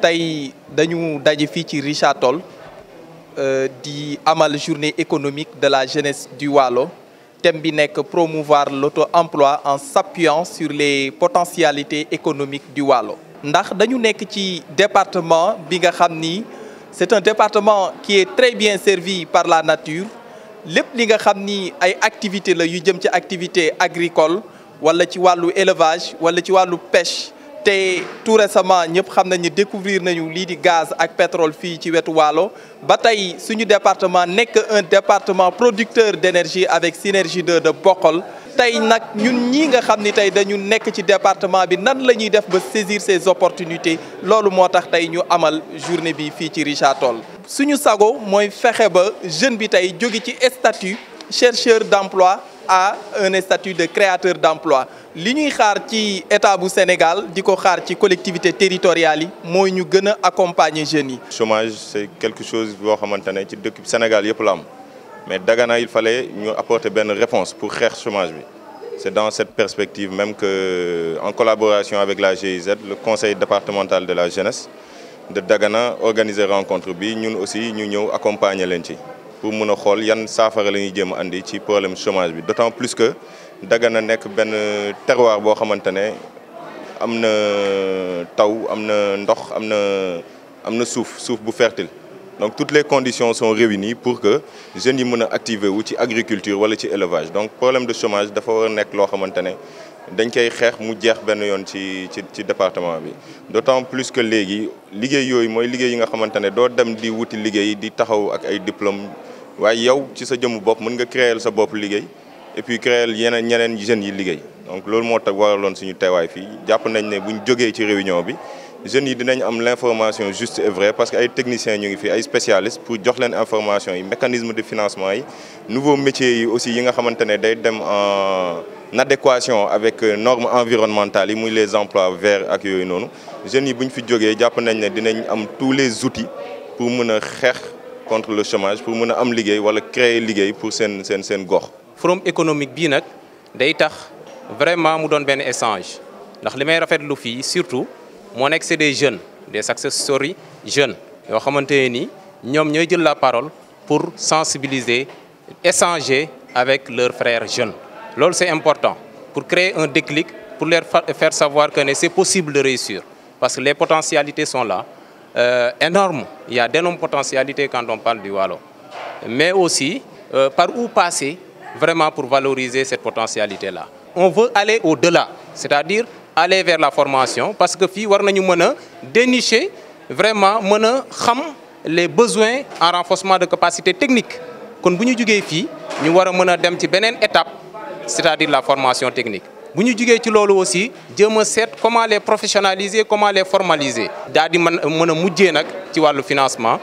tay dañu dajé fi ci Richard euh, di amal journée économique de la jeunesse du Walo, thème bi nek promouvoir l'auto-emploi en s'appuyant sur les potentialités économiques du Walo. ndax dañu nek ci département bi nga c'est un département qui est très bien servi par la nature lepp li nga xamni ay activités la yu jëm ci activité agricole wala ci walu élevage wala ci walu pêche tout récemment nous avons découvert découvrir gaz et le gaz pétrole qui ci wetu Waalo ba ce département n'est un département producteur d'énergie avec Synergie 2 de Bokol. Nous nag ñun que nga département bi nan la ñuy def saisir ces opportunités ce que nous avons ñu amal journée bi fii ci Richard Toll suñu sago avons fait, ba jeune bi jeunes ont ci statut chercheur d'emploi à un statut de créateur d'emploi Ce qui est ci état Sénégal c'est qu'on xaar collectivité territoriale qui ñu les jeunes Le chômage c'est quelque chose qui xamante ci dëkk Sénégal mais Dagana il fallait nous apporter une réponse pour le chômage c'est dans cette perspective même que en collaboration avec la GIZ le conseil départemental de la jeunesse de Dagana organiser rencontre nous aussi nous ñëw accompagner pour mën a xool yan saafara la ñuy jéem a andi ci problème chômage bi d'autant plus que Dagana nekk benn terroir boo xamante ne am na taw am na ndox am souf, souf bu fertile. donc toutes les conditions sont réunies pour que jeunes yi mën a activer wu ci agriculture wala ci élevage donc problème de chômage dafa war a nekk loo xamante ne dañ koy xeex mu jeex benn yoon ci ci département bi d'autant plus que léegi liggéey yooyu mooy liggéey yi nga xamante ne doo dem di wuti liggéey di taxaw ak ay diplôme waaye yow ci sa jëmmu bopp mën nga créer sa bopp liggéey et puis créer yeneen ñeneen jeunes yi liggéey donc loolu moo tax waraloon suñu teewaay fii jàpp nañ ne buñ jógee ci réunion bi jeunes yi dinañ am l'information juste et vraie parce que ay techniciens ñu ngi fi ay spécialistes pour jox leen information yi mécanisme de financement yi nouveaux métiers yi aussi yi nga xamante ne day dem en adéquation avec normes environnementales yi muy les emplois verts ak yooyu noonu jeunes yi bu ñu fi jógee jàpp nañ ne dinañ am tous les outils pour mën a contre le chômage pour créer des am liguey wala créer liguey pour sen sen sen gox. forum économique bii vraiment mu donne benn échange ndax de may surtout mon ex c'est des jeunes des accessoires jeunes Et xamante ni nous la parole pour sensibiliser échanger avec leurs frères jeunes. c'est important pour créer un déclic pour leur faire savoir que c'est possible de réussir parce que les potentialités sont là. Euh, énorme. Il y a d'énormes potentialités quand on parle du Wallon. Mais aussi, euh, par où passer vraiment pour valoriser cette potentialité-là. On veut aller au-delà, c'est-à-dire aller vers la formation, parce que fille, nous dénicher vraiment les besoins en renforcement de capacités techniques, Donc, si nous devons aller une étape, c'est-à-dire la formation technique. Nous ñu ci aussi jéem comment les professionnaliser comment les formaliser Nous di mën mën a financement